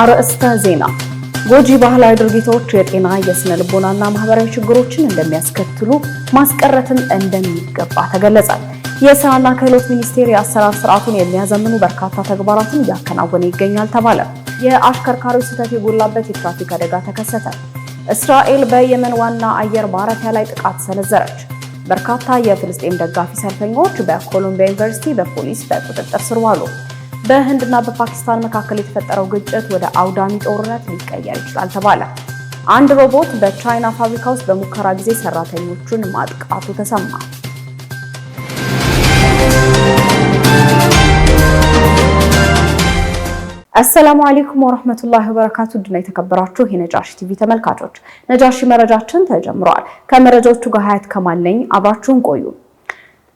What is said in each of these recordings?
አርዕስተ ዜና ጎጂ ባህላዊ ድርጊቶች የጤና የስነ ልቦናና ማህበራዊ ችግሮችን እንደሚያስከትሉ ማስቀረትን እንደሚገባ ተገለጸ። የስራና ክህሎት ሚኒስቴር የአሰራር ስርዓቱን የሚያዘምኑ በርካታ ተግባራትን እያከናወነ ይገኛል ተባለ። የአሽከርካሪው ስህተት የጎላበት የትራፊክ አደጋ ተከሰተ። እስራኤል በየመን ዋና አየር ማረፊያ ላይ ጥቃት ሰነዘረች። በርካታ የፍልስጤም ደጋፊ ሰልፈኞች በኮሎምቢያ ዩኒቨርሲቲ በፖሊስ በቁጥጥር ስር ዋሉ። በህንድና በፓኪስታን መካከል የተፈጠረው ግጭት ወደ አውዳሚ ጦርነት ሊቀየር ይችላል ተባለ። አንድ ሮቦት በቻይና ፋብሪካ ውስጥ በሙከራ ጊዜ ሰራተኞቹን ማጥቃቱ ተሰማ። አሰላሙ አለይኩም ወራህመቱላሂ ወበረካቱ። ድና የተከበራችሁ የነጃሺ ቲቪ ተመልካቾች፣ ነጃሺ መረጃችን ተጀምረዋል። ከመረጃዎቹ ጋር ሀያት ከማለኝ አብራችሁን ቆዩ።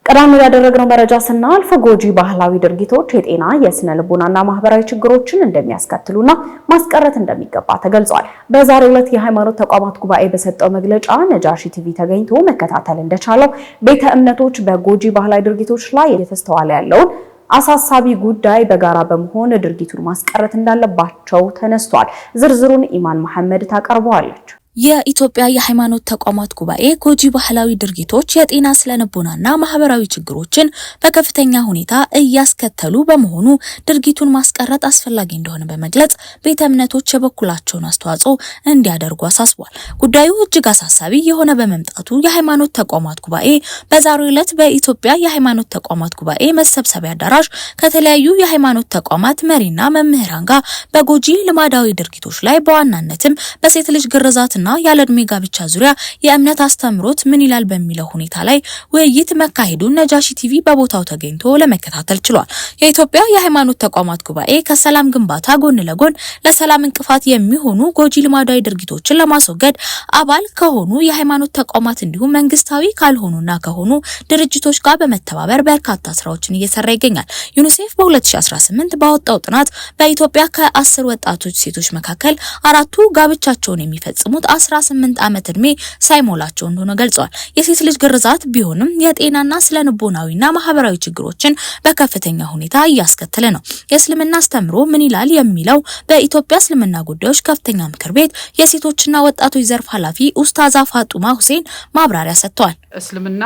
ቀዳሚ ያደረግነው መረጃ ስናልፍ ጎጂ ባህላዊ ድርጊቶች የጤና የስነ ልቦናና ማህበራዊ ችግሮችን እንደሚያስከትሉና ማስቀረት እንደሚገባ ተገልጿል። በዛሬው ዕለት የሃይማኖት ተቋማት ጉባኤ በሰጠው መግለጫ ነጃሺ ቲቪ ተገኝቶ መከታተል እንደቻለው ቤተ እምነቶች በጎጂ ባህላዊ ድርጊቶች ላይ እየተስተዋለ ያለውን አሳሳቢ ጉዳይ በጋራ በመሆን ድርጊቱን ማስቀረት እንዳለባቸው ተነስቷል። ዝርዝሩን ኢማን መሐመድ ታቀርበዋለች። የኢትዮጵያ የሃይማኖት ተቋማት ጉባኤ ጎጂ ባህላዊ ድርጊቶች የጤና ስነልቦናና ማህበራዊ ችግሮችን በከፍተኛ ሁኔታ እያስከተሉ በመሆኑ ድርጊቱን ማስቀረት አስፈላጊ እንደሆነ በመግለጽ ቤተ እምነቶች የበኩላቸውን አስተዋጽኦ እንዲያደርጉ አሳስቧል። ጉዳዩ እጅግ አሳሳቢ የሆነ በመምጣቱ የሃይማኖት ተቋማት ጉባኤ በዛሬው ዕለት በኢትዮጵያ የሃይማኖት ተቋማት ጉባኤ መሰብሰቢያ አዳራሽ ከተለያዩ የሃይማኖት ተቋማት መሪና መምህራን ጋር በጎጂ ልማዳዊ ድርጊቶች ላይ በዋናነትም በሴት ልጅ ግርዛትና እና ያለ እድሜ ጋብቻ ዙሪያ የእምነት አስተምሮት ምን ይላል በሚለው ሁኔታ ላይ ውይይት መካሄዱን ነጃሺ ቲቪ በቦታው ተገኝቶ ለመከታተል ችሏል። የኢትዮጵያ የሃይማኖት ተቋማት ጉባኤ ከሰላም ግንባታ ጎን ለጎን ለሰላም እንቅፋት የሚሆኑ ጎጂ ልማዳዊ ድርጊቶችን ለማስወገድ አባል ከሆኑ የሃይማኖት ተቋማት እንዲሁም መንግስታዊ ካልሆኑና ከሆኑ ድርጅቶች ጋር በመተባበር በርካታ ስራዎችን እየሰራ ይገኛል። ዩኒሴፍ በ2018 ባወጣው ጥናት በኢትዮጵያ ከአስር ወጣቶች ሴቶች መካከል አራቱ ጋብቻቸውን የሚፈጽሙት 18 ዓመት ዕድሜ ሳይሞላቸው እንደሆነ ገልጸዋል። የሴት ልጅ ግርዛት ቢሆንም የጤናና ስነ ልቦናዊና ማህበራዊ ችግሮችን በከፍተኛ ሁኔታ እያስከተለ ነው። የእስልምና አስተምሮ ምን ይላል የሚለው በኢትዮጵያ እስልምና ጉዳዮች ከፍተኛ ምክር ቤት የሴቶችና ወጣቶች ዘርፍ ኃላፊ ኡስታዛ ፋጡማ ሁሴን ማብራሪያ ሰጥተዋል። እስልምና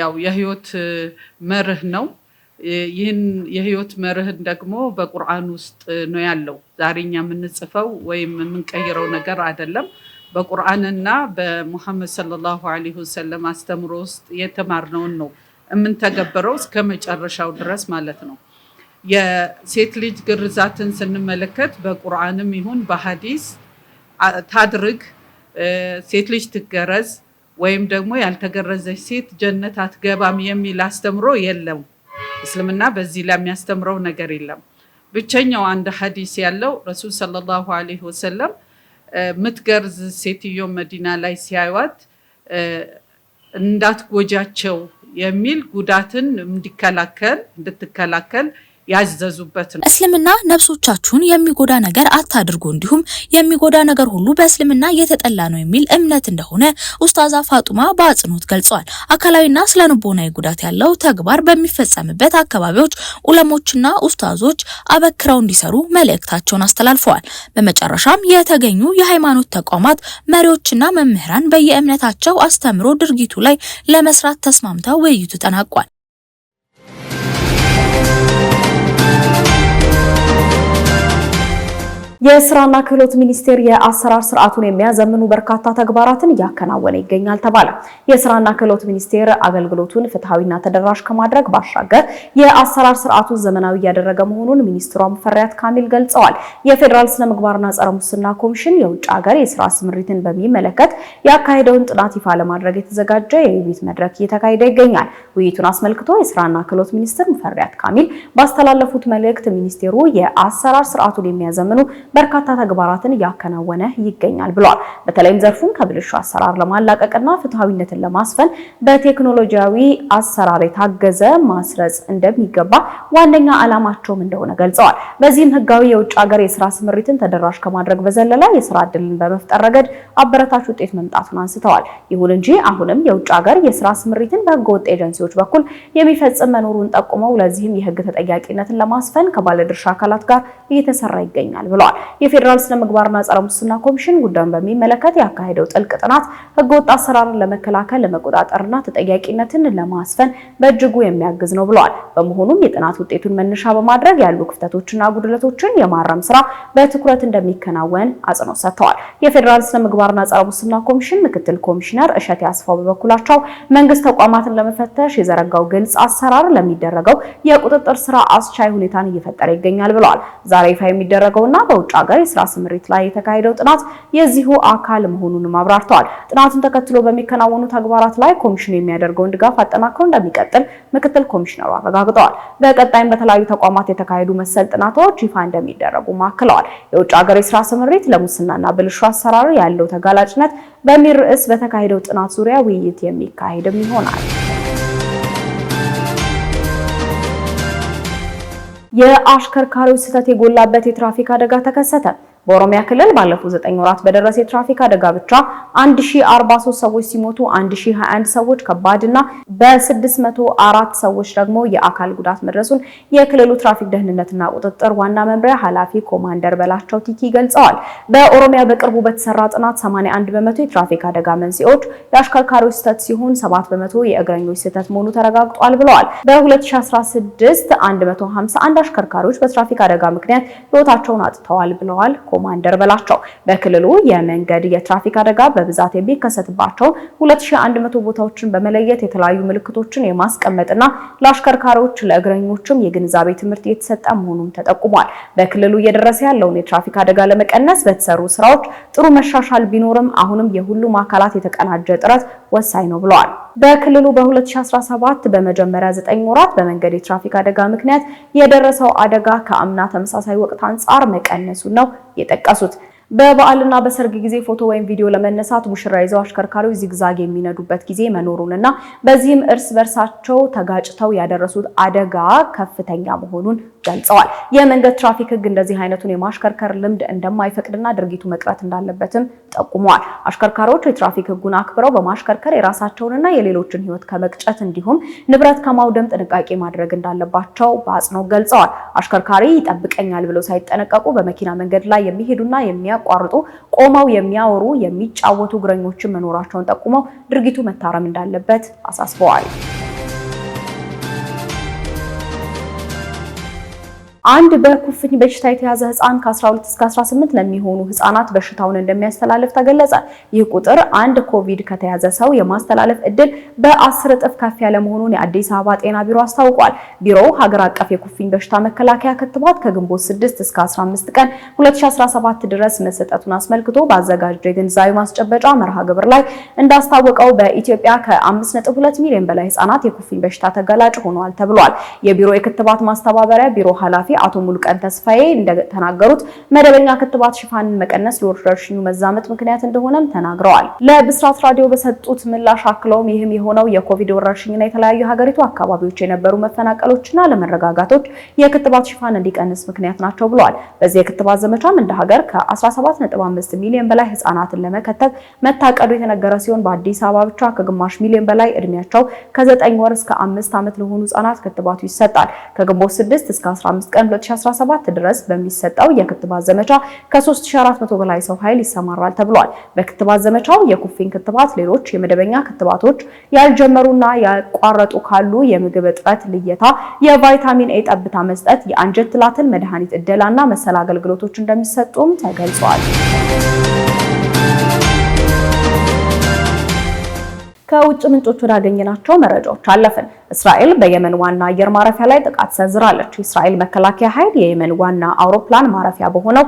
ያው የህይወት መርህ ነው። ይህን የህይወት መርህን ደግሞ በቁርአን ውስጥ ነው ያለው። ዛሬኛ የምንጽፈው ወይም የምንቀይረው ነገር አይደለም። በቁርአንና በሙሐመድ ሰለላሁ አለይሂ ወሰለም አስተምሮ ውስጥ የተማርነውን ነው የምንተገበረው እስከ መጨረሻው ድረስ ማለት ነው። የሴት ልጅ ግርዛትን ስንመለከት በቁርአንም ይሁን በሀዲስ ታድርግ ሴት ልጅ ትገረዝ ወይም ደግሞ ያልተገረዘች ሴት ጀነት አትገባም የሚል አስተምሮ የለም። እስልምና በዚህ ላይ የሚያስተምረው ነገር የለም። ብቸኛው አንድ ሀዲስ ያለው ረሱል ሰለላሁ አለይሂ ወሰለም ምትገርዝ ሴትዮ መዲና ላይ ሲያዩት እንዳትጎጃቸው የሚል ጉዳትን እንዲከላከል እንድትከላከል ያዘዙበት ነው። እስልምና ነብሶቻችሁን የሚጎዳ ነገር አታድርጉ፣ እንዲሁም የሚጎዳ ነገር ሁሉ በእስልምና የተጠላ ነው የሚል እምነት እንደሆነ ኡስታዛ ፋጡማ በአጽንኦት ገልጸዋል። አካላዊና ስነ ልቦናዊ ጉዳት ያለው ተግባር በሚፈጸምበት አካባቢዎች ኡለሞችና ኡስታዞች አበክረው እንዲሰሩ መልእክታቸውን አስተላልፈዋል። በመጨረሻም የተገኙ የሃይማኖት ተቋማት መሪዎችና መምህራን በየእምነታቸው አስተምሮ ድርጊቱ ላይ ለመስራት ተስማምተው ውይይቱ ተጠናቋል። የስራና ክህሎት ሚኒስቴር የአሰራር ስርዓቱን የሚያዘምኑ በርካታ ተግባራትን እያከናወነ ይገኛል ተባለ። የስራና ክህሎት ሚኒስቴር አገልግሎቱን ፍትሐዊና ተደራሽ ከማድረግ ባሻገር የአሰራር ስርዓቱን ዘመናዊ እያደረገ መሆኑን ሚኒስትሯ ሙፈሪያት ካሚል ገልጸዋል። የፌዴራል ስነ ምግባርና ጸረ ሙስና ኮሚሽን የውጭ ሀገር የስራ ስምሪትን በሚመለከት ያካሄደውን ጥናት ይፋ ለማድረግ የተዘጋጀ የውይይት መድረክ እየተካሄደ ይገኛል። ውይይቱን አስመልክቶ የስራና ክህሎት ሚኒስትር ሙፈሪያት ካሚል ባስተላለፉት መልእክት ሚኒስቴሩ የአሰራር ስርዓቱን የሚያዘምኑ በርካታ ተግባራትን እያከናወነ ይገኛል ብሏል። በተለይም ዘርፉን ከብልሹ አሰራር ለማላቀቅና ፍትሐዊነትን ለማስፈን በቴክኖሎጂያዊ አሰራር የታገዘ ማስረጽ እንደሚገባ ዋነኛ ዓላማቸውም እንደሆነ ገልጸዋል። በዚህም ህጋዊ የውጭ ሀገር የስራ ስምሪትን ተደራሽ ከማድረግ በዘለላ የስራ እድልን በመፍጠር ረገድ አበረታች ውጤት መምጣቱን አንስተዋል። ይሁን እንጂ አሁንም የውጭ ሀገር የስራ ስምሪትን በህገወጥ ኤጀንሲዎች በኩል የሚፈጽም መኖሩን ጠቁመው ለዚህም የህግ ተጠያቂነትን ለማስፈን ከባለድርሻ አካላት ጋር እየተሰራ ይገኛል ብለዋል። የፌዴራል ስነ ምግባርና ጸረ ሙስና ኮሚሽን ጉዳዩን በሚመለከት ያካሄደው ጥልቅ ጥናት ህገወጥ አሰራርን ለመከላከል ለመቆጣጠርና ተጠያቂነትን ለማስፈን በእጅጉ የሚያግዝ ነው ብለዋል። በመሆኑም የጥናት ውጤቱን መነሻ በማድረግ ያሉ ክፍተቶችና ጉድለቶችን የማረም ስራ በትኩረት እንደሚከናወን አጽንኦት ሰጥተዋል። የፌዴራል ስነ ምግባርና ጸረ ሙስና ኮሚሽን ምክትል ኮሚሽነር እሸት ያስፋው በበኩላቸው መንግስት ተቋማትን ለመፈተሽ የዘረጋው ግልጽ አሰራር ለሚደረገው የቁጥጥር ስራ አስቻይ ሁኔታን እየፈጠረ ይገኛል ብለዋል። ዛሬ ይፋ የሚደረገውና በውጭ ሀገር የስራ ስምሪት ላይ የተካሄደው ጥናት የዚሁ አካል መሆኑንም አብራርተዋል። ጥናቱን ተከትሎ በሚከናወኑ ተግባራት ላይ ኮሚሽኑ የሚያደርገውን ድጋፍ አጠናክሮ እንደሚቀጥል ምክትል ኮሚሽነሩ አረጋግጠዋል። በቀጣይም በተለያዩ ተቋማት የተካሄዱ መሰል ጥናቶች ይፋ እንደሚደረጉ ማክለዋል። የውጭ ሀገር የስራ ስምሪት ለሙስናና ብልሹ አሰራር ያለው ተጋላጭነት በሚል ርዕስ በተካሄደው ጥናት ዙሪያ ውይይት የሚካሄድም ይሆናል። የአሽከርካሪዎች ስህተት የጎላበት የትራፊክ አደጋ ተከሰተ። በኦሮሚያ ክልል ባለፉት ዘጠኝ ወራት በደረሰ የትራፊክ አደጋ ብቻ 1043 ሰዎች ሲሞቱ 1021 ሰዎች ከባድ እና በ604 ሰዎች ደግሞ የአካል ጉዳት መድረሱን የክልሉ ትራፊክ ደህንነትና ቁጥጥር ዋና መምሪያ ኃላፊ ኮማንደር በላቸው ቲኪ ገልጸዋል። በኦሮሚያ በቅርቡ በተሰራ ጥናት 81 በመቶ የትራፊክ አደጋ መንስኤዎች የአሽከርካሪዎች ስህተት ሲሆን 7 በመቶ የእግረኞች ስህተት መሆኑ ተረጋግጧል ብለዋል። በ2016 151 አሽከርካሪዎች በትራፊክ አደጋ ምክንያት ሕይወታቸውን አጥተዋል ብለዋል። ኮማንደር በላቸው በክልሉ የመንገድ የትራፊክ አደጋ በብዛት የሚከሰትባቸው 2100 ቦታዎችን በመለየት የተለያዩ ምልክቶችን የማስቀመጥና ለአሽከርካሪዎች ለእግረኞችም የግንዛቤ ትምህርት እየተሰጠ መሆኑን ተጠቁሟል። በክልሉ እየደረሰ ያለውን የትራፊክ አደጋ ለመቀነስ በተሰሩ ስራዎች ጥሩ መሻሻል ቢኖርም አሁንም የሁሉም አካላት የተቀናጀ ጥረት ወሳኝ ነው ብለዋል። በክልሉ በ2017 በመጀመሪያ 9 ወራት በመንገድ የትራፊክ አደጋ ምክንያት የደረሰው አደጋ ከአምና ተመሳሳይ ወቅት አንጻር መቀነሱን ነው የጠቀሱት። በበዓልና በሰርግ ጊዜ ፎቶ ወይም ቪዲዮ ለመነሳት ሙሽራ ይዘው አሽከርካሪዎች ዚግዛግ የሚነዱበት ጊዜ መኖሩንና በዚህም እርስ በርሳቸው ተጋጭተው ያደረሱት አደጋ ከፍተኛ መሆኑን ገልጸዋል። የመንገድ ትራፊክ ሕግ እንደዚህ አይነቱን የማሽከርከር ልምድ እንደማይፈቅድና ድርጊቱ መቅረት እንዳለበትም ጠቁመዋል። አሽከርካሪዎች የትራፊክ ሕጉን አክብረው በማሽከርከር የራሳቸውንና የሌሎችን ሕይወት ከመቅጨት እንዲሁም ንብረት ከማውደም ጥንቃቄ ማድረግ እንዳለባቸው በአጽንኦት ገልጸዋል። አሽከርካሪ ይጠብቀኛል ብለው ሳይጠነቀቁ በመኪና መንገድ ላይ የሚሄዱና የሚያ የሚያቋርጡ ቆመው የሚያወሩ የሚጫወቱ እግረኞችን መኖራቸውን ጠቁመው ድርጊቱ መታረም እንዳለበት አሳስበዋል። አንድ በኩፍኝ በሽታ የተያዘ ህፃን ከ12 እስከ 18 ለሚሆኑ ህፃናት በሽታውን እንደሚያስተላልፍ ተገለጸ። ይህ ቁጥር አንድ ኮቪድ ከተያዘ ሰው የማስተላለፍ እድል በ10 እጥፍ ከፍ ያለ መሆኑን የአዲስ አበባ ጤና ቢሮ አስታውቋል። ቢሮው ሀገር አቀፍ የኩፍኝ በሽታ መከላከያ ክትባት ከግንቦት 6 እስከ 15 ቀን 2017 ድረስ መሰጠቱን አስመልክቶ ባዘጋጀው የግንዛቤ ማስጨበጫ መርሃ ግብር ላይ እንዳስታወቀው በኢትዮጵያ ከ5.2 ሚሊዮን በላይ ህፃናት የኩፍኝ በሽታ ተጋላጭ ሆነዋል ተብሏል። የቢሮ የክትባት ማስተባበሪያ ቢሮ ኃላፊ አቶ ሙሉቀን ተስፋዬ እንደተናገሩት መደበኛ ክትባት ሽፋንን መቀነስ ለወረርሽኙ መዛመት ምክንያት እንደሆነም ተናግረዋል። ለብስራት ራዲዮ በሰጡት ምላሽ አክለውም ይህም የሆነው የኮቪድ ወረርሽኝና የተለያዩ ሀገሪቱ አካባቢዎች የነበሩ መፈናቀሎችና ለመረጋጋቶች የክትባት ሽፋን እንዲቀንስ ምክንያት ናቸው ብለዋል። በዚህ የክትባት ዘመቻም እንደ ሀገር ከ17.5 ሚሊዮን በላይ ህጻናትን ለመከተብ መታቀዱ የተነገረ ሲሆን በአዲስ አበባ ብቻ ከግማሽ ሚሊዮን በላይ እድሜያቸው ከ9 ወር እስከ አምስት ዓመት ለሆኑ ህጻናት ክትባቱ ይሰጣል። ከግንቦት 6 እስከ 15 ቀን ቀን 2017 ድረስ በሚሰጠው የክትባት ዘመቻ ከ3400 በላይ ሰው ኃይል ይሰማራል ተብሏል። በክትባት ዘመቻው የኩፊኝ ክትባት፣ ሌሎች የመደበኛ ክትባቶች፣ ያልጀመሩና ያቋረጡ ካሉ የምግብ እጥረት ልየታ፣ የቫይታሚን ኤ ጠብታ መስጠት፣ የአንጀት ትላትል መድኃኒት እደላና መሰል አገልግሎቶች እንደሚሰጡም ተገልጿል። ከውጭ ምንጮች ወዳገኘናቸው መረጃዎች አለፍን። እስራኤል በየመን ዋና አየር ማረፊያ ላይ ጥቃት ሰንዝራለች። የእስራኤል መከላከያ ኃይል የየመን ዋና አውሮፕላን ማረፊያ በሆነው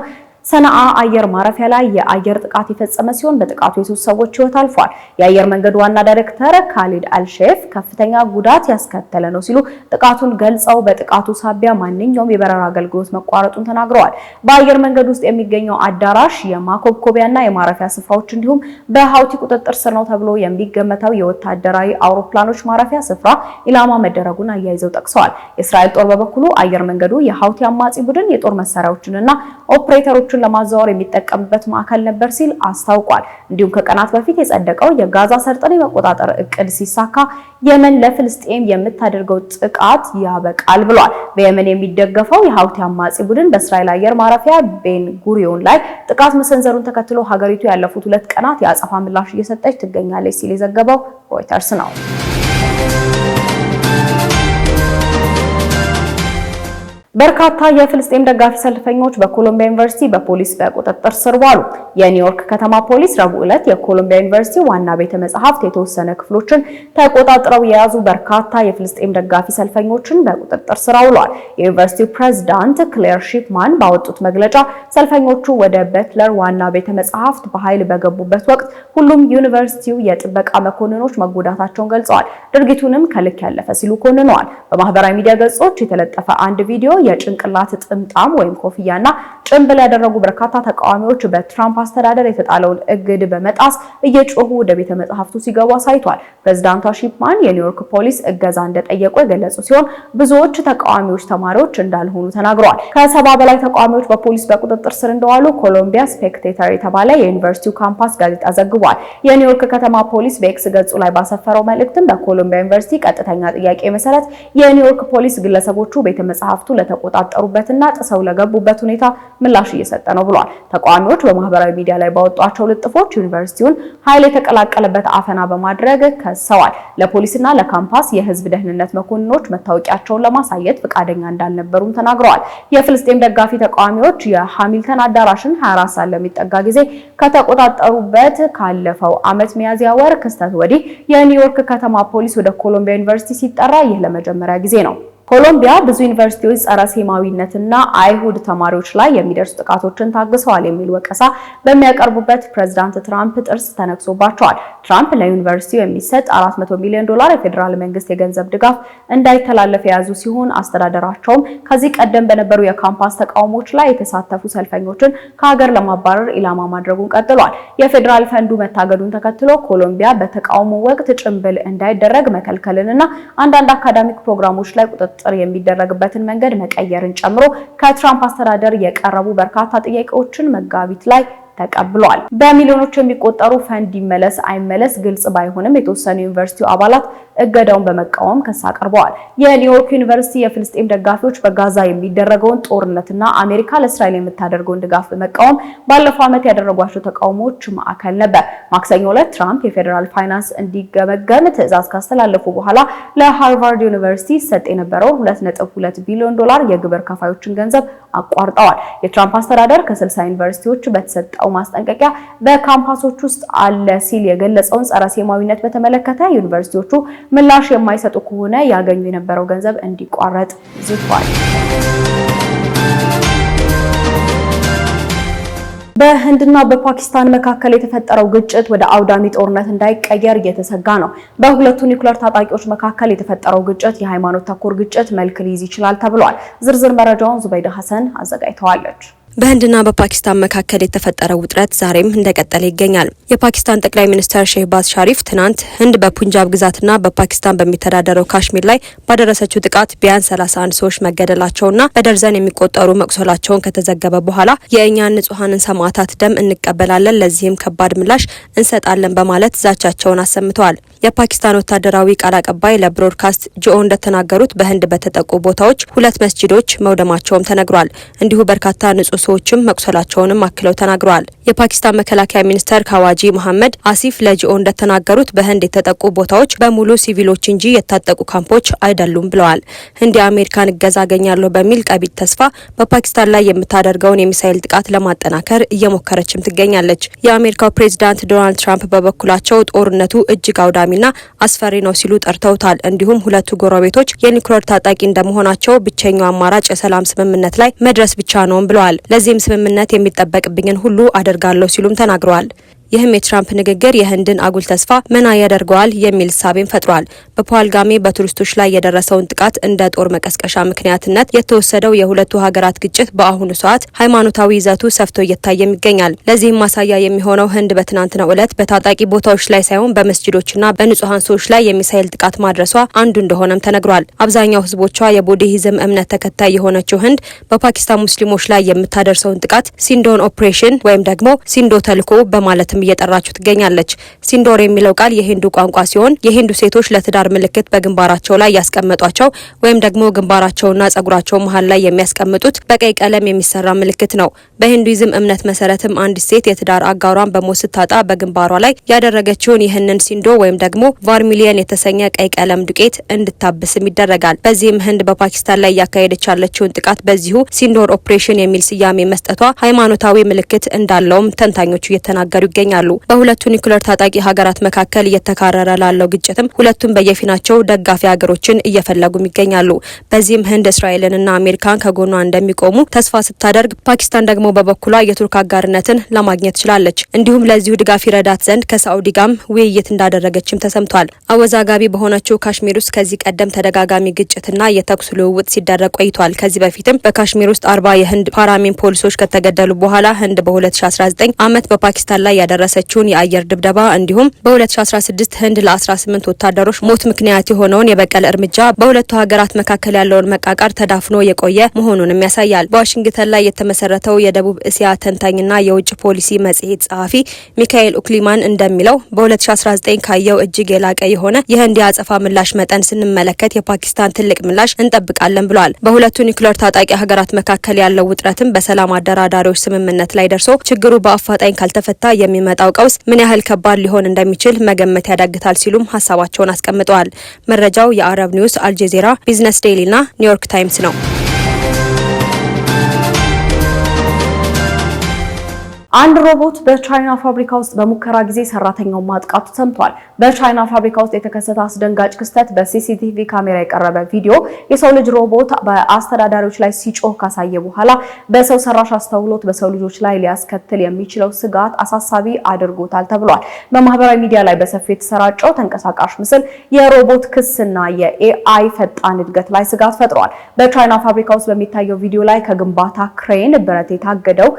ሰነአ አየር ማረፊያ ላይ የአየር ጥቃት የፈጸመ ሲሆን በጥቃቱ የሶስት ሰዎች ሕይወት አልፏል። የአየር መንገድ ዋና ዳይሬክተር ካሊድ አልሼፍ ከፍተኛ ጉዳት ያስከተለ ነው ሲሉ ጥቃቱን ገልጸው በጥቃቱ ሳቢያ ማንኛውም የበረራ አገልግሎት መቋረጡን ተናግረዋል። በአየር መንገድ ውስጥ የሚገኘው አዳራሽ የማኮብኮቢያና የማረፊያ ስፍራዎች እንዲሁም በሀውቲ ቁጥጥር ስር ነው ተብሎ የሚገመተው የወታደራዊ አውሮፕላኖች ማረፊያ ስፍራ ኢላማ መደረጉን አያይዘው ጠቅሰዋል። የእስራኤል ጦር በበኩሉ አየር መንገዱ የሀውቲ አማጺ ቡድን የጦር መሳሪያዎችንና ኦፕሬተሮች ። ስደተኞችን ለማዘዋወር የሚጠቀምበት ማዕከል ነበር ሲል አስታውቋል። እንዲሁም ከቀናት በፊት የጸደቀው የጋዛ ሰርጥን የመቆጣጠር እቅድ ሲሳካ የመን ለፍልስጤም የምታደርገው ጥቃት ያበቃል ብሏል። በየመን የሚደገፈው የሀውቲ አማጺ ቡድን በእስራኤል አየር ማረፊያ ቤን ጉሪዮን ላይ ጥቃት መሰንዘሩን ተከትሎ ሀገሪቱ ያለፉት ሁለት ቀናት የአጸፋ ምላሽ እየሰጠች ትገኛለች ሲል የዘገበው ሮይተርስ ነው። በርካታ የፍልስጤም ደጋፊ ሰልፈኞች በኮሎምቢያ ዩኒቨርሲቲ በፖሊስ በቁጥጥር ስር ዋሉ። የኒውዮርክ ከተማ ፖሊስ ረቡዕ ዕለት የኮሎምቢያ ዩኒቨርሲቲ ዋና ቤተ መጻሕፍት የተወሰነ ክፍሎችን ተቆጣጥረው የያዙ በርካታ የፍልስጤም ደጋፊ ሰልፈኞችን በቁጥጥር ስር አውሏል። የዩኒቨርሲቲው ፕሬዝዳንት ክሌር ሺፕማን ባወጡት መግለጫ ሰልፈኞቹ ወደ በትለር ዋና ቤተ መጽሐፍት በኃይል በገቡበት ወቅት ሁሉም ዩኒቨርሲቲው የጥበቃ መኮንኖች መጎዳታቸውን ገልጸዋል። ድርጊቱንም ከልክ ያለፈ ሲሉ ኮንነዋል። በማህበራዊ ሚዲያ ገጾች የተለጠፈ አንድ ቪዲዮ የጭንቅላት ጥምጣም ወይም ኮፍያና ጭንብል ያደረጉ በርካታ ተቃዋሚዎች በትራምፕ አስተዳደር የተጣለውን እግድ በመጣስ እየጮሁ ወደ ቤተ መጽሐፍቱ ሲገቡ አሳይቷል። ፕሬዝዳንቷ ሺፕማን የኒውዮርክ ፖሊስ እገዛ እንደጠየቁ የገለጹ ሲሆን ብዙዎች ተቃዋሚዎች ተማሪዎች እንዳልሆኑ ተናግረዋል። ከሰባ በላይ ተቃዋሚዎች በፖሊስ በቁጥጥር ስር እንደዋሉ ኮሎምቢያ ስፔክቴተር የተባለ የዩኒቨርሲቲው ካምፓስ ጋዜጣ ዘግቧል። የኒውዮርክ ከተማ ፖሊስ በኤክስ ገጹ ላይ ባሰፈረው መልእክትም በኮሎምቢያ ዩኒቨርሲቲ ቀጥተኛ ጥያቄ መሰረት የኒውዮርክ ፖሊስ ግለሰቦቹ ቤተ መጽሐፍቱ ለተቆጣጠሩበትና ጥሰው ለገቡበት ሁኔታ ምላሽ እየሰጠ ነው ብሏል። ተቃዋሚዎች በማህበራዊ ሚዲያ ላይ ባወጧቸው ልጥፎች ዩኒቨርሲቲውን ኃይል የተቀላቀለበት አፈና በማድረግ ከ ከሰዋል። ለፖሊስና ለካምፓስ የህዝብ ደህንነት መኮንኖች መታወቂያቸውን ለማሳየት ፈቃደኛ እንዳልነበሩም ተናግረዋል። የፍልስጤም ደጋፊ ተቃዋሚዎች የሃሚልተን አዳራሽን 24 ሰዓት ለሚጠጋ ጊዜ ከተቆጣጠሩበት ካለፈው ዓመት ሚያዝያ ወር ክስተት ወዲህ የኒውዮርክ ከተማ ፖሊስ ወደ ኮሎምቢያ ዩኒቨርሲቲ ሲጠራ ይህ ለመጀመሪያ ጊዜ ነው። ኮሎምቢያ ብዙ ዩኒቨርሲቲዎች ጸረ ሴማዊነትና አይሁድ ተማሪዎች ላይ የሚደርሱ ጥቃቶችን ታግሰዋል የሚል ወቀሳ በሚያቀርቡበት ፕሬዝዳንት ትራምፕ ጥርስ ተነክሶባቸዋል። ትራምፕ ለዩኒቨርሲቲው የሚሰጥ 400 ሚሊዮን ዶላር የፌዴራል መንግስት የገንዘብ ድጋፍ እንዳይተላለፍ የያዙ ሲሆን አስተዳደራቸውም ከዚህ ቀደም በነበሩ የካምፓስ ተቃውሞች ላይ የተሳተፉ ሰልፈኞችን ከሀገር ለማባረር ኢላማ ማድረጉን ቀጥሏል። የፌዴራል ፈንዱ መታገዱን ተከትሎ ኮሎምቢያ በተቃውሞ ወቅት ጭንብል እንዳይደረግ መከልከልንና አንዳንድ አካዳሚክ ፕሮግራሞች ላይ ቁጥጥር ቁጥጥር የሚደረግበትን መንገድ መቀየርን ጨምሮ ከትራምፕ አስተዳደር የቀረቡ በርካታ ጥያቄዎችን መጋቢት ላይ ተቀብሏል። በሚሊዮኖች የሚቆጠሩ ፈንድ ይመለስ አይመለስ ግልጽ ባይሆንም የተወሰኑ ዩኒቨርሲቲ አባላት እገዳውን በመቃወም ክስ አቅርበዋል። የኒውዮርክ ዩኒቨርሲቲ የፍልስጤም ደጋፊዎች በጋዛ የሚደረገውን ጦርነትና አሜሪካ ለእስራኤል የምታደርገውን ድጋፍ በመቃወም ባለፈው ዓመት ያደረጓቸው ተቃውሞዎች ማዕከል ነበር። ማክሰኞ ዕለት ትራምፕ የፌዴራል ፋይናንስ እንዲገመገም ትዕዛዝ ካስተላለፉ በኋላ ለሃርቫርድ ዩኒቨርሲቲ ይሰጥ የነበረውን 2.2 ቢሊዮን ዶላር የግብር ከፋዮችን ገንዘብ አቋርጠዋል። የትራምፕ አስተዳደር ከ60 ዩኒቨርሲቲዎች በተሰጠው የወጣው ማስጠንቀቂያ በካምፓሶች ውስጥ አለ ሲል የገለጸውን ጸረ ሴማዊነት በተመለከተ ዩኒቨርሲቲዎቹ ምላሽ የማይሰጡ ከሆነ ያገኙ የነበረው ገንዘብ እንዲቋረጥ ዝቷል። በህንድና በፓኪስታን መካከል የተፈጠረው ግጭት ወደ አውዳሚ ጦርነት እንዳይቀየር እየተሰጋ ነው። በሁለቱ ኒውክሌር ታጣቂዎች መካከል የተፈጠረው ግጭት የሃይማኖት ተኮር ግጭት መልክ ሊይዝ ይችላል ተብሏል። ዝርዝር መረጃውን ዙበይድ ሀሰን አዘጋጅተዋለች። በህንድና በፓኪስታን መካከል የተፈጠረው ውጥረት ዛሬም እንደቀጠለ ይገኛል። የፓኪስታን ጠቅላይ ሚኒስትር ሼህባዝ ሻሪፍ ትናንት ህንድ በፑንጃብ ግዛትና በፓኪስታን በሚተዳደረው ካሽሚር ላይ ባደረሰችው ጥቃት ቢያንስ 31 ሰዎች መገደላቸውና በደርዘን የሚቆጠሩ መቁሰላቸውን ከተዘገበ በኋላ የእኛን ንጹሐንን ሰማዕታት ደም እንቀበላለን፣ ለዚህም ከባድ ምላሽ እንሰጣለን በማለት ዛቻቸውን አሰምተዋል። የፓኪስታን ወታደራዊ ቃል አቀባይ ለብሮድካስት ጂኦ እንደተናገሩት በህንድ በተጠቁ ቦታዎች ሁለት መስጂዶች መውደማቸውም ተነግሯል። እንዲሁ በርካታ ንጹህ ሰዎችም መቁሰላቸውንም አክለው ተናግረዋል። የፓኪስታን መከላከያ ሚኒስተር ካዋጂ መሐመድ አሲፍ ለጂኦ እንደተናገሩት በህንድ የተጠቁ ቦታዎች በሙሉ ሲቪሎች እንጂ የታጠቁ ካምፖች አይደሉም ብለዋል። ህንድ የአሜሪካን እገዛ አገኛለሁ በሚል ቀቢት ተስፋ በፓኪስታን ላይ የምታደርገውን የሚሳይል ጥቃት ለማጠናከር እየሞከረችም ትገኛለች። የአሜሪካው ፕሬዚዳንት ዶናልድ ትራምፕ በበኩላቸው ጦርነቱ እጅግ አውዳሚና አስፈሪ ነው ሲሉ ጠርተውታል። እንዲሁም ሁለቱ ጎረቤቶች የኒውክሌር ታጣቂ እንደመሆናቸው ብቸኛው አማራጭ የሰላም ስምምነት ላይ መድረስ ብቻ ነውም ብለዋል። ለዚህም ስምምነት የሚጠበቅብኝን ሁሉ አደርጋለሁ ሲሉም ተናግረዋል። ይህም የትራምፕ ንግግር የህንድን አጉል ተስፋ መና ያደርገዋል የሚል ሳቤም ፈጥሯል። በፖልጋሜ በቱሪስቶች ላይ የደረሰውን ጥቃት እንደ ጦር መቀስቀሻ ምክንያትነት የተወሰደው የሁለቱ ሀገራት ግጭት በአሁኑ ሰዓት ሃይማኖታዊ ይዘቱ ሰፍቶ እየታየም ይገኛል። ለዚህም ማሳያ የሚሆነው ህንድ በትናንትናው ዕለት በታጣቂ ቦታዎች ላይ ሳይሆን በመስጅዶችና በንጹሐን ሰዎች ላይ የሚሳይል ጥቃት ማድረሷ አንዱ እንደሆነም ተነግሯል። አብዛኛው ህዝቦቿ የቡድሂዝም እምነት ተከታይ የሆነችው ህንድ በፓኪስታን ሙስሊሞች ላይ የምታደርሰውን ጥቃት ሲንዶን ኦፕሬሽን ወይም ደግሞ ሲንዶ ተልኮ በማለትም እየጠራችሁ ትገኛለች። ሲንዶር የሚለው ቃል የሂንዱ ቋንቋ ሲሆን የሂንዱ ሴቶች ለትዳር ምልክት በግንባራቸው ላይ ያስቀመጧቸው ወይም ደግሞ ግንባራቸውና ጸጉራቸው መሀል ላይ የሚያስቀምጡት በቀይ ቀለም የሚሰራ ምልክት ነው። በሂንዱይዝም እምነት መሰረትም አንዲት ሴት የትዳር አጋሯን በሞት ስታጣ በግንባሯ ላይ ያደረገችውን ይህንን ሲንዶ ወይም ደግሞ ቫርሚሊየን የተሰኘ ቀይ ቀለም ዱቄት እንድታብስም ይደረጋል። በዚህም ህንድ በፓኪስታን ላይ እያካሄደች ያለችውን ጥቃት በዚሁ ሲንዶር ኦፕሬሽን የሚል ስያሜ መስጠቷ ሃይማኖታዊ ምልክት እንዳለውም ተንታኞቹ እየተናገሩ ይገኛል። ይገኛሉ። በሁለቱ ኒውክሌር ታጣቂ ሀገራት መካከል እየተካረረ ላለው ግጭትም ሁለቱም በየፊናቸው ደጋፊ ሀገሮችን እየፈለጉም ይገኛሉ። በዚህም ህንድ እስራኤልንና አሜሪካን ከጎኗ እንደሚቆሙ ተስፋ ስታደርግ፣ ፓኪስታን ደግሞ በበኩሏ የቱርክ አጋርነትን ለማግኘት ችላለች። እንዲሁም ለዚሁ ድጋፍ ይረዳት ዘንድ ከሳዑዲ ጋም ውይይት እንዳደረገችም ተሰምቷል። አወዛጋቢ በሆነችው ካሽሚር ውስጥ ከዚህ ቀደም ተደጋጋሚ ግጭትና የተኩስ ልውውጥ ሲደረግ ቆይቷል። ከዚህ በፊትም በካሽሚር ውስጥ አርባ የህንድ ፓራሚን ፖሊሶች ከተገደሉ በኋላ ህንድ በ2019 ዓመት በፓኪስታን ላይ ያደረ ያደረሰችውን የአየር ድብደባ እንዲሁም በ2016 ህንድ ለ18 ወታደሮች ሞት ምክንያት የሆነውን የበቀል እርምጃ በሁለቱ ሀገራት መካከል ያለውን መቃቃር ተዳፍኖ የቆየ መሆኑንም ያሳያል። በዋሽንግተን ላይ የተመሰረተው የደቡብ እስያ ተንታኝና የውጭ ፖሊሲ መጽሔት ጸሐፊ ሚካኤል ኡክሊማን እንደሚለው በ2019 ካየው እጅግ የላቀ የሆነ የህንድ የአጸፋ ምላሽ መጠን ስንመለከት የፓኪስታን ትልቅ ምላሽ እንጠብቃለን ብሏል። በሁለቱ ኒውክሌር ታጣቂ ሀገራት መካከል ያለው ውጥረትም በሰላም አደራዳሪዎች ስምምነት ላይ ደርሶ ችግሩ በአፋጣኝ ካልተፈታ የሚ የሚመጣው ቀውስ ምን ያህል ከባድ ሊሆን እንደሚችል መገመት ያዳግታል ሲሉም ሀሳባቸውን አስቀምጠዋል። መረጃው የአረብ ኒውስ፣ አልጄዚራ፣ ቢዝነስ ዴይሊ ና ኒውዮርክ ታይምስ ነው። አንድ ሮቦት በቻይና ፋብሪካ ውስጥ በሙከራ ጊዜ ሰራተኛውን ማጥቃቱ ሰምቷል። በቻይና ፋብሪካ ውስጥ የተከሰተ አስደንጋጭ ክስተት በሲሲቲቪ ካሜራ የቀረበ ቪዲዮ የሰው ልጅ ሮቦት በአስተዳዳሪዎች ላይ ሲጮህ ካሳየ በኋላ በሰው ሰራሽ አስተውሎት በሰው ልጆች ላይ ሊያስከትል የሚችለው ስጋት አሳሳቢ አድርጎታል ተብሏል። በማህበራዊ ሚዲያ ላይ በሰፊ የተሰራጨው ተንቀሳቃሽ ምስል የሮቦት ክስና የኤአይ ፈጣን እድገት ላይ ስጋት ፈጥሯል። በቻይና ፋብሪካ ውስጥ በሚታየው ቪዲዮ ላይ ከግንባታ ክሬን ብረት የታገደው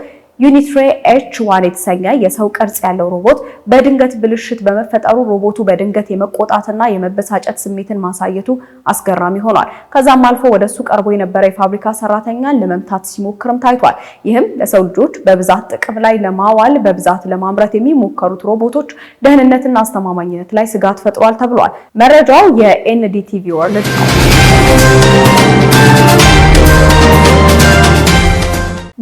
ዩኒትሬ ኤች ዋን የተሰኘ የሰው ቅርጽ ያለው ሮቦት በድንገት ብልሽት በመፈጠሩ ሮቦቱ በድንገት የመቆጣትና የመበሳጨት ስሜትን ማሳየቱ አስገራሚ ሆኗል። ከዛም አልፎ ወደ እሱ ቀርቦ የነበረ የፋብሪካ ሰራተኛን ለመምታት ሲሞክርም ታይቷል። ይህም ለሰው ልጆች በብዛት ጥቅም ላይ ለማዋል በብዛት ለማምረት የሚሞከሩት ሮቦቶች ደህንነትና አስተማማኝነት ላይ ስጋት ፈጥሯል ተብሏል። መረጃው የኤንዲቲቪ ወርልድ ነው።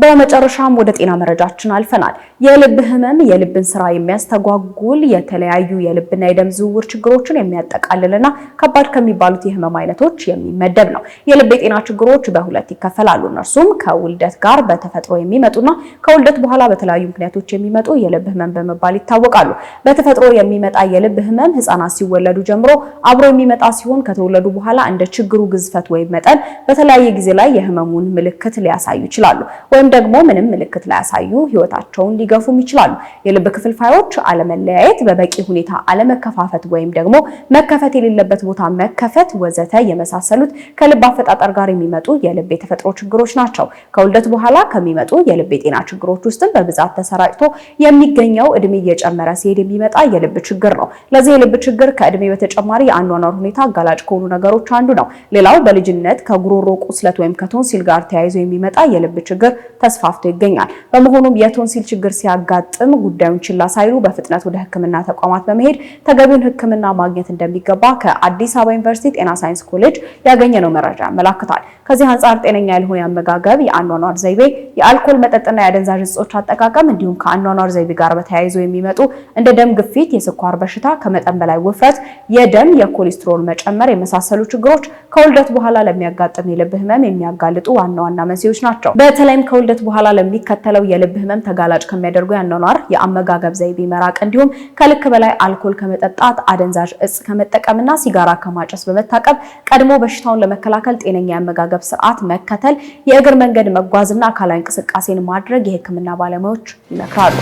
በመጨረሻም ወደ ጤና መረጃችን አልፈናል። የልብ ህመም የልብን ስራ የሚያስተጓጉል የተለያዩ የልብና የደም ዝውውር ችግሮችን የሚያጠቃልልና ከባድ ከሚባሉት የህመም አይነቶች የሚመደብ ነው። የልብ የጤና ችግሮች በሁለት ይከፈላሉ። እነርሱም ከውልደት ጋር በተፈጥሮ የሚመጡና ከውልደት በኋላ በተለያዩ ምክንያቶች የሚመጡ የልብ ህመም በመባል ይታወቃሉ። በተፈጥሮ የሚመጣ የልብ ህመም ህጻናት ሲወለዱ ጀምሮ አብሮ የሚመጣ ሲሆን ከተወለዱ በኋላ እንደ ችግሩ ግዝፈት ወይም መጠን በተለያየ ጊዜ ላይ የህመሙን ምልክት ሊያሳዩ ይችላሉ ወይም ደግሞ ምንም ምልክት ላያሳዩ ህይወታቸውን ሊገ ሊደገፉም ይችላሉ። የልብ ክፍልፋዮች አለመለያየት፣ በበቂ ሁኔታ አለመከፋፈት ወይም ደግሞ መከፈት የሌለበት ቦታ መከፈት ወዘተ የመሳሰሉት ከልብ አፈጣጠር ጋር የሚመጡ የልብ የተፈጥሮ ችግሮች ናቸው። ከውልደት በኋላ ከሚመጡ የልብ የጤና ችግሮች ውስጥም በብዛት ተሰራጭቶ የሚገኘው እድሜ እየጨመረ ሲሄድ የሚመጣ የልብ ችግር ነው። ለዚህ የልብ ችግር ከእድሜ በተጨማሪ የአኗኗር ሁኔታ አጋላጭ ከሆኑ ነገሮች አንዱ ነው። ሌላው በልጅነት ከጉሮሮ ቁስለት ወይም ከቶንሲል ጋር ተያይዞ የሚመጣ የልብ ችግር ተስፋፍቶ ይገኛል። በመሆኑም የቶንሲል ችግር ሲያጋጥም ጉዳዩን ችላ ሳይሉ በፍጥነት ወደ ሕክምና ተቋማት በመሄድ ተገቢውን ሕክምና ማግኘት እንደሚገባ ከአዲስ አበባ ዩኒቨርሲቲ ጤና ሳይንስ ኮሌጅ ያገኘነው መረጃ ያመላክታል። ከዚህ አንጻር ጤነኛ ያልሆነ አመጋገብ፣ የአኗኗር ዘይቤ፣ የአልኮል መጠጥና የአደንዛዥ እጾች አጠቃቀም እንዲሁም ከአኗኗር ዘይቤ ጋር በተያይዞ የሚመጡ እንደ ደም ግፊት፣ የስኳር በሽታ፣ ከመጠን በላይ ውፍረት፣ የደም የኮሌስትሮል መጨመር የመሳሰሉ ችግሮች ከውልደት በኋላ ለሚያጋጥም የልብ ህመም የሚያጋልጡ ዋና ዋና መንስኤዎች ናቸው። በተለይም ከውልደት በኋላ ለሚከተለው የልብ ህመም ተጋላጭ ከሚ ከሚያደርጉ ያኗኗር የአመጋገብ ዘይቤ መራቅ እንዲሁም ከልክ በላይ አልኮል ከመጠጣት አደንዛዥ እጽ ከመጠቀምና ሲጋራ ከማጨስ በመታቀብ ቀድሞ በሽታውን ለመከላከል ጤነኛ የአመጋገብ ስርዓት መከተል፣ የእግር መንገድ መጓዝና አካላዊ እንቅስቃሴን ማድረግ የህክምና ባለሙያዎች ይመክራሉ።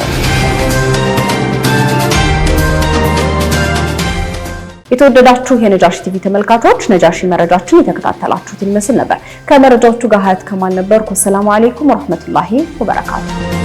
የተወደዳችሁ የነጃሺ ቲቪ ተመልካቾች ነጃሺ መረጃችን የተከታተላችሁትን ይመስል ነበር። ከመረጃዎቹ ጋር ሀያት ከማል ነበርኩ። ሰላም አሌይኩም ወረህመቱላሂ ወበረካቱ።